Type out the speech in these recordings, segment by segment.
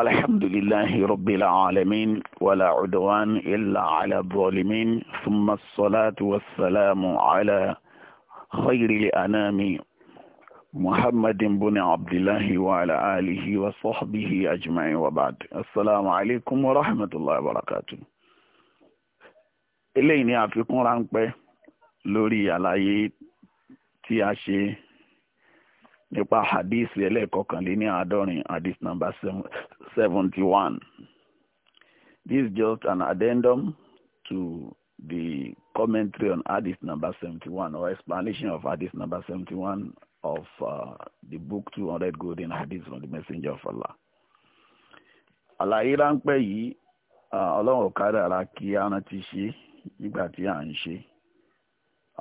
الحمد لله رب العالمين ولا عدوان إلا على الظالمين ثم الصلاة والسلام على خير الأنام محمد بن عبد الله وعلى آله وصحبه أجمعين وبعد السلام عليكم ورحمة الله وبركاته eléyìí ni àfikún ráńpẹ́ lórí àlàyé tí a ṣe nípa hadith ẹlẹ́ẹ̀kọkànléní àádọ́rin hadith number 71. This is just an addendum to the commentary on Hadith number 71 or explanation of Hadith number 71 of uh, the book 200 Golden Hadiths from the Messenger of Allah. Àlàyé ráńpẹ́ yìí, uh, Ọlọ́run ọ̀kadà ara kí aran ti ṣe nígbà tí à ń ṣe.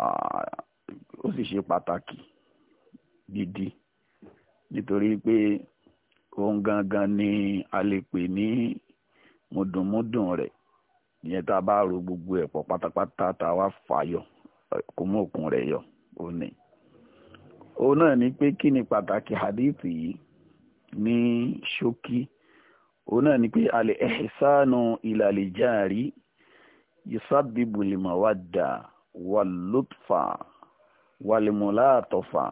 Uh, ó sì ṣe pàtàkì gidi nítorí òun gangan ni a lè pè ní mùdùnmúdùn rẹ̀ ìyẹn tá a bá ro gbogbo ẹ̀ pọ̀ pátápátá tá a wá fà yọ kó mú òkun rẹ̀ yọ ó ní. òun náà ni pé kí ni pàtàkì hadith yìí ní ṣókí òun náà ni pé alẹ́ ẹ̀sánù ìlàlẹ̀jáàrí yusabibu limawadda wal lutfa wal mulatafa.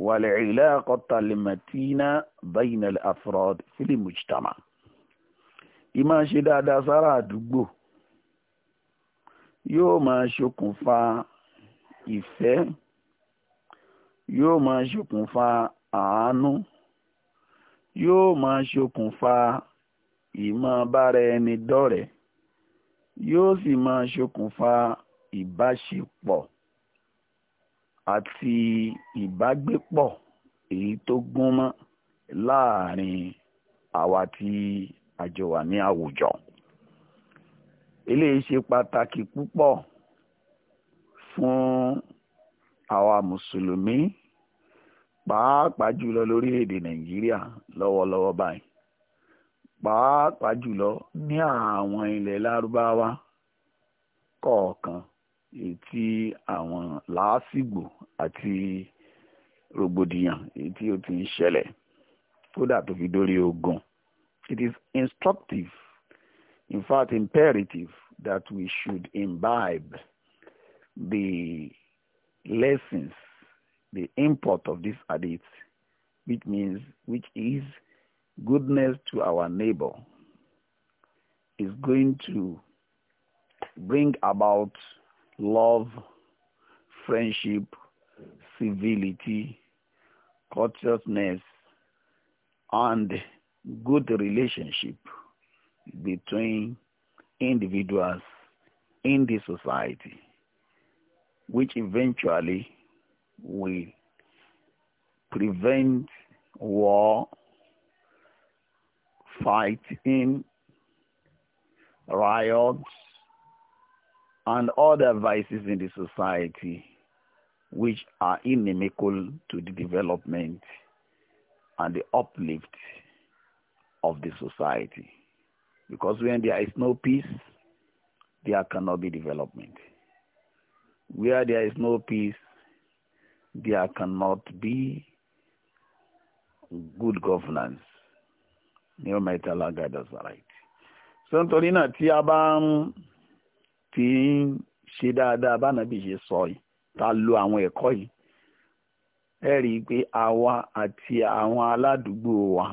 والعلاقة المتينة بين الأفراد في المجتمع ìmá ṣe dáadáa sára àdúgbò yóò máa ṣokùnfà ìfẹ́ yóò máa ṣokùnfà àánú yóò máa ṣokùnfà ìmọ̀bára ẹni dọ́rẹ̀ẹ́ yóò sì máa ṣokùnfà ìbáṣepọ̀ àti ìbágbépọ̀ èyí tó gún mọ́ láàrin àwa tí a jọ wà ní àwùjọ eléyìí ṣe pàtàkì púpọ̀ fún àwa mùsùlùmí pàápàá jùlọ lórílẹ̀‐èdè nàìjíríà lọ́wọ́lọ́wọ́ báyìí pàápàá jùlọ ní àwọn ilẹ̀ lárúbáwá kọ̀ọ̀kan ti àwọn làásìgbò àti rògbòdìyàn èyí tí ó ti ń ṣẹlẹ̀ kódà tó fi dórí ogun it is instructive in fact imperative that we should imbibe the lessons the import of this hadith which means which is goodness to our neighbor is going to bring about love, friendship, civility, courteousness, and good relationship between individuals in the society, which eventually will prevent war, fighting, riots, and other vices in the society which are inimical to the development and the uplift of the society. Because when there is no peace, there cannot be development. Where there is no peace, there cannot be good governance. Ní ọmọ ìtàlágàdà sàràìtì. Sọ́ńtòrí náà tí a tí ń ṣe dáadáa bá nàbí ṣe sọ yìí ta lo àwọn ẹ̀kọ́ yìí ẹ rí i pé àwa àti àwọn aládùúgbò wa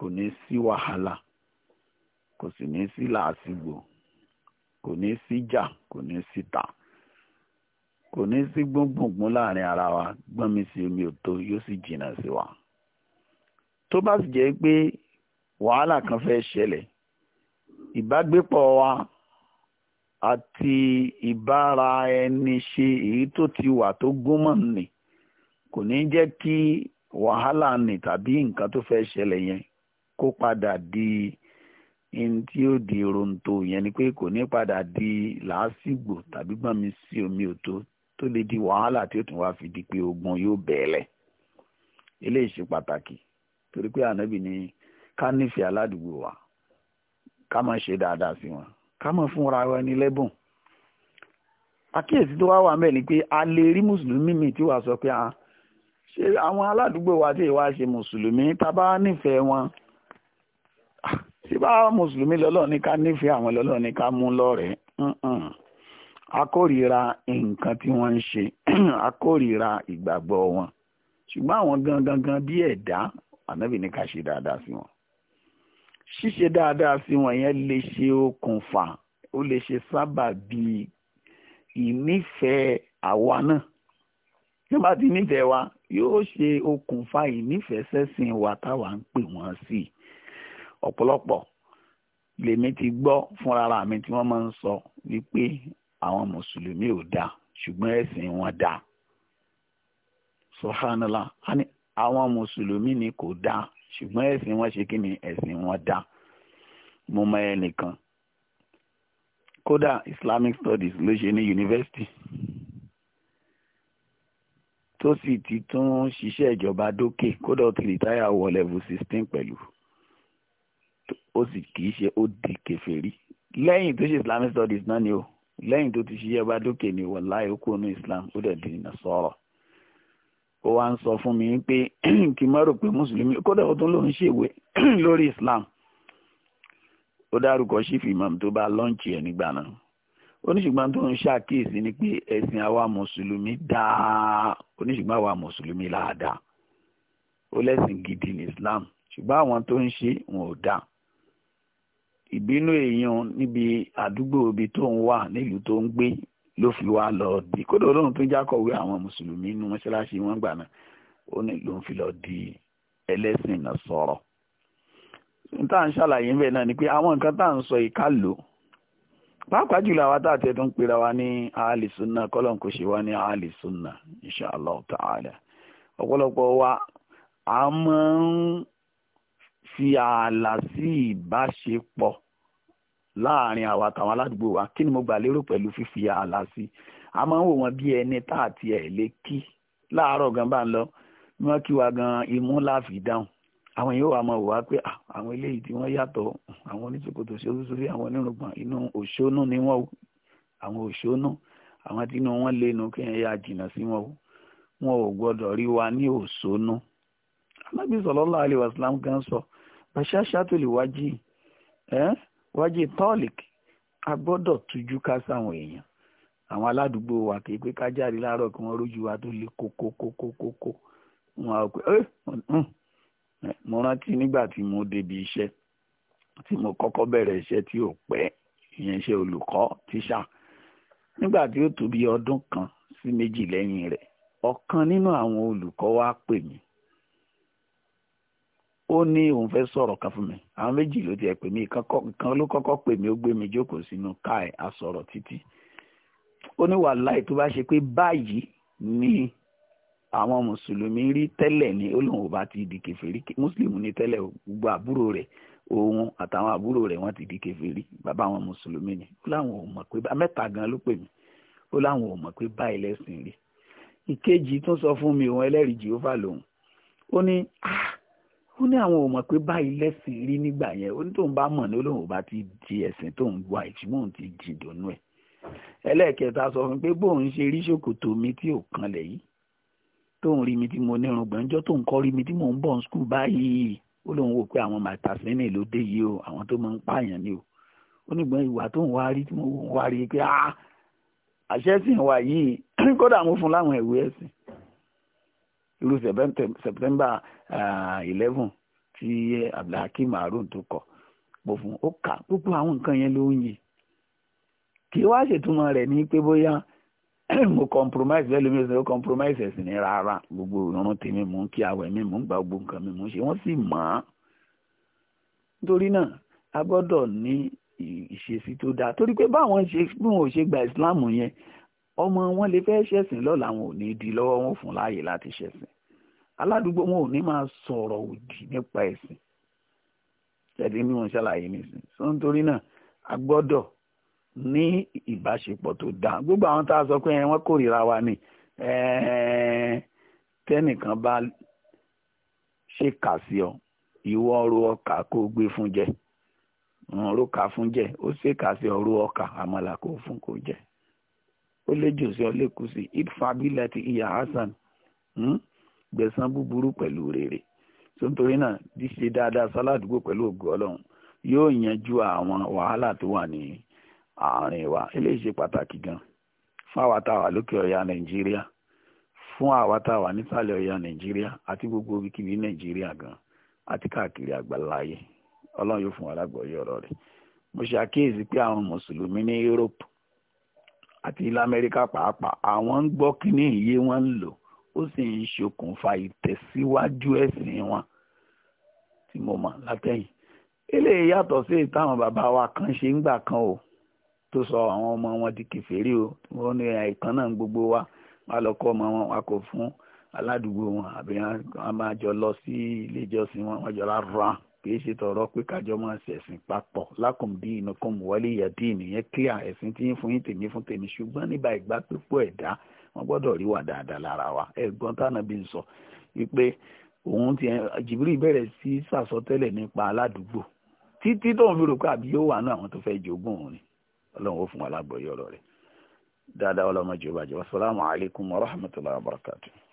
kò ní sí wàhálà kò sì ní sí làásìgbò kò ní sí jà kò ní sí ta kò ní sí gbóngbòngbòn láàrin ara wa gbọ́n mi sí omi òtó yóò sì jìnnà sí wa tó bá sì jẹ́ pé wàhálà kan fẹ́ ṣẹlẹ̀ ìbágbépọ̀ wa àti ìbára ẹni ṣe èyí tó ti wà tó gúnmọ̀ nì kò ní jẹ́ kí wàhálà nì tàbí nǹkan tó fẹ́ ṣẹlẹ̀ yẹn kó padà di ní tí ó di ronto yẹn ni pé kò ní padà di làásìgbò tàbí gbọ́nmi sí omi òtó tó lè di wàhálà tí ó tún wá fi di pé ogun yóò bẹ̀ẹ̀lẹ̀ eléyìí ṣe pàtàkì torí pé ànábì ni ká nífẹ̀ẹ́ aládùúgbò wa ká má ṣe dáadáa sí wọn ká mọ̀ fúnra wa ní lẹ́bùn àkíyèsí tó wá wà mẹ́ ni pé a lè rí mùsùlùmí mi tí wàá sọ pé a ah, ṣe àwọn aládùúgbò wa tí ìwà ṣe mùsùlùmí tá bá nífẹ̀ẹ́ wọn ah, ṣe bá mùsùlùmí lọ́lọ́ọ̀ ní ká nífẹ̀ẹ́ àwọn lọ́lọ́ọ̀ ní ká mú lọ́rẹ̀ẹ́ akórìíra nǹkan tí wọ́n ń ṣe akórìíra ìgbàgbọ́ wọn ṣùgbọ́n àwọn gangan bí ẹ̀dá ànábì ní ká ṣe dáadáa sí wọn ṣíṣe dáadáa sí wọn yẹn lè ṣe okùnfà ó lè ṣe sábàbí ìnífẹ̀ẹ́ àwa náà tí bá ti nífẹ̀ẹ́ wa yóò ṣe okùnfà ìnífẹ̀ẹ́ sẹ́sìn wa táwa ń pè wọ́n sí ọ̀pọ̀lọpọ̀ lèmi ti gbọ́ fúnra mi tí wọ́n máa ń sọ wípé àwọn mùsùlùmí ò dáa ṣùgbọ́n ẹ̀sìn wọn dáa sọ̀hánilá àwọn mùsùlùmí ni kò dáa ṣùgbọ́n ẹ̀sìn wọn ṣe kí ni ẹ̀sìn wọn dá mo mọ ẹnìkan kódà Islamic studies ló ṣe ní yunifásitì tó sì ti tún ṣiṣẹ́ ìjọba dókè kódà ó ti rìtáyà wọ level sixteen pẹ̀lú ó sì kì ṣe ó di kèfèrí lẹ́yìn tó ṣe Islamic studies náà ni o lẹ́yìn tó ti ṣiṣẹ́ ìjọba dókè ni wàláì ó kúrò ní Islam ó dẹ̀ di nasọ́rọ̀ ó wá ń sọ fún mi pé kí n má rò pé mùsùlùmí kódà ó tún lòún ṣèwé lórí islam ó dárúkọ ṣífì imam tó bá lọ́ǹchì ẹ̀ nígbà náà oníṣùgbọ́n tó ń ṣàkíyèsí ni pé ẹ̀sìn àwa mùsùlùmí dáa oníṣùgbọ́n àwa mùsùlùmí láadáa ó lẹ́sìn gidi ní islam ṣùgbọ́n àwọn tó ń ṣe wọn ò dáa ìbínú èèyàn níbi àdúgbò ibi tó ń wà nílùú tó ń gbé ló fi wá lọ di kódà olóhùn tó ń jákọ̀wé àwọn mùsùlùmí inú mọ́ṣáláṣí wọn gbà náà ó ní ló ń fi lọ di ẹlẹ́sìn náà sọ̀rọ̀ tá ń ṣàlàyé ń bẹ̀ náà ni pé àwọn nǹkan tá à ń sọ ìka lò pàápàá jùlọ àwa tá à tẹ́ tó ń pera wa ní ahli sunna kọ́lọ́n kò ṣe wá ní ahli sunna insha Allah ta'ala ọ̀pọ̀lọpọ̀ wa a máa ń fi ààlà sí ìbáṣepọ̀ láàrin àwa àtàwọn aládùúgbò wa kí ni mo gbà lérò pẹ̀lú fífi ààlà sí i a máa ń wò wọ́n bí ẹni tá àti ẹ̀ lé kí láàárọ̀ gan bá ń lọ wọ́n kí wa gan imú láàfin dáhùn àwọn yóò wá máa wò wá pé àwọn eléyìí tí wọ́n yàtọ̀ àwọn oníṣòkòtò ṣoṣooṣi àwọn onírùngbọ̀n inú òṣónú ni wọ́n o àwọn òṣónú àwọn tí inú wọn lé nu kí yá jìnnà sí wọn o wọn ò gbọdọ̀ rí wa ní òṣónú alábìsọ̀lọ́lá alẹ́ wàsílám gan sọ bàṣáṣá tó lè wájì ẹ́ wájú tọ́ọ̀lìkì a gbọ́dọ̀ tújú ká sáwọn èèyàn àwọn aládùúgbò wa kì í pé ká jáde láàárọ̀ kí wọ́n rójú wa tó le kókókókókókó wọn á pé ẹ eh, mm, mm, eh, mo rántí nígbà tí mo débi iṣẹ́ tí mo kọ́kọ́ bẹ̀rẹ̀ iṣẹ́ tí ò pẹ́ ìyẹn iṣẹ́ olùkọ́ tíṣà nígbà tí ó tó ọdún kan sí méjì lẹ́yìn rẹ̀ ọ̀kan nínú àwọn olùkọ́ wa pè mí ó ní òun fẹ́ sọ̀rọ̀ kan fún mi àwọn méjì ló tiẹ̀ pè mí kan ló kọ́kọ́ pè mí ó gbé mi jókòó sínú káì asọ̀rọ̀ títí ó ní wàláì tó bá ṣe pé báyìí ni àwọn mùsùlùmí rí tẹ́lẹ̀ ní olóhùn ọba ti di kèfèrí mùsùlùmí ní tẹ́lẹ̀ gbogbo àbúrò rẹ̀ òun àtàwọn àbúrò rẹ̀ wọ́n ti di kèfèrí bàbá àwọn mùsùlùmí ni ó láwọn ò mọ̀ pé mẹ́ta gan ló pè mí ó láwọn ò mọ̀ pé báyìí lẹ́sìn rí ìkejì tún sọ fún mi òun ẹlẹ́rìí jehova lòun ó ní ah ó ní àwọn ò mọ̀ pé báyìí lẹ́sìn rí nígbà yẹn ó ní tóun bá mọ̀ ní olóhùn bá ti di ẹ̀sìn tóun wá ìṣúmọ̀n ti di ìdùnnú ẹ̀ ẹlẹ́ẹ̀kẹta sọ fún mi pé bóun ṣe rí ṣòkòtò mi tí ò kanlẹ̀ yìí tóun rí mi tí mo ní irun gbọ̀njọ́ tóun kọ́ rí mi tí mò ń bọ̀ ń skul báyìí ó lóun wò pé àwọn màtàsínì ló dé yìí o àwọn tó máa ń pààyàn ni o ó nígbọ̀n ìwà tóun wá rí tí mo wá rí pé ah, àṣẹ́sìn wa yìí kódà mo fún láwọn ìwé ẹ̀sìn irú september ah, eleven tí abdulhakeem harun tó kọ pò fún ó kà gbogbo àwọn nǹkan yẹn ló ń yí kí wá ṣètumọ̀ rẹ̀ ní pé bóyá mo compromise bẹ́ẹ̀ lómi ìsìn ó compromise ẹ̀sìn ní rárá gbogbo ìrún tèmi mò ń kí awẹ̀ mi mò ń gba gbogbo nǹkan mi mò ń ṣe wọ́n sì mọ̀ ọ́n nítorí náà a gbọ́dọ̀ ní ìṣesí tó dáa torí pé báwọn ṣe bí wọn islam yẹn ọmọ wọn lè fẹ́ ṣẹ̀sìn lọ́la wọn ò ní di lọ́wọ́ wọn fún láàyè láti ṣẹ̀sìn aládùúgbò wọn ò ní máa sọ̀rọ̀ òdì nípa ẹ̀sìn tẹ̀lé ní wọn ṣàlàyé nìsín so nítorí náà a gbọ́dọ̀ ní ìbáṣepọ̀ tó dáa gbogbo àwọn tá a sọ pé wọ́n kórìíra wa ni tẹ́nìkan bá ṣèkà sí ọ ìwọ ro ọkà kó gbé fún jẹ ro ọkà fún jẹ ó ṣèkà sí ọ ro ọkà àmàlà kó fún kó jẹ o lé ole ọlẹ́kùsì ifábílẹ̀ ti ìyá hasan hmm, gbẹ̀san búburú pẹ̀lú rere so ń torí náà díṣe dáadáa sáládùúgbò pẹ̀lú ògùn ọlọ́run yóò yanjú àwọn wàhálà tó wà ní àárín wa eléyìí ṣe pàtàkì gan fún àwa wà lókè ọ̀yà nàìjíríà fún àwa wà nísàlẹ̀ ọ̀yà nàìjíríà àti gbogbo ibikíbi nàìjíríà gan àti káàkiri àgbáláyé ọlọ́run yóò fún wa ọ̀rọ̀ rẹ̀ mo pé àwọn mùsùlùmí europe àti ilẹ̀ amẹ́ríkà pàápàá àwọn ń gbọ́ kíní ìyé wọn ń lò ó sì ń ṣokùnfà ìtẹ̀síwájú ẹ̀sìn wọn tí mo mọ̀ látẹ̀yìn eléyìí yàtọ̀ sí ìtàwọn bàbá wa kan ṣe ń gbà kan o tó sọ àwọn ọmọ wọn di kèfèrí o wọn ní àìkan náà gbogbo wa wọn lọ kọ́ ọmọ wọn wa kò fún aládùúgbò wọn àbí wọn máa jọ lọ sí ilé ìjọsìn wọn wọn jọ lọ rán kìí ṣe tọrọ pé kájọ máa ṣẹ̀sìn papọ̀ lákùn dín iná kan mọ̀wálé ìyá dín ìnìyẹn kíá ẹ̀sìn tí ń fún yín tèmi fún tèmi ṣùgbọ́n nígbà ìgbà pípọ̀ ẹ̀dá wọn gbọ́dọ̀ rí wà dáadáa lára wa ẹ̀gbọ́n tánà bí n sọ wípé òun ti jìbìrì bẹ̀rẹ̀ sí sàsọtẹ́lẹ̀ nípa aládùúgbò títí tóun fi rò pé àbí yóò wà náà àwọn tó fẹ́ jogún òun ni ọlọ́run ó fún wa lágbọ̀ọ́yọ̀ rẹ̀ dáadáa ọlọ́mọ jù ú bàjẹ́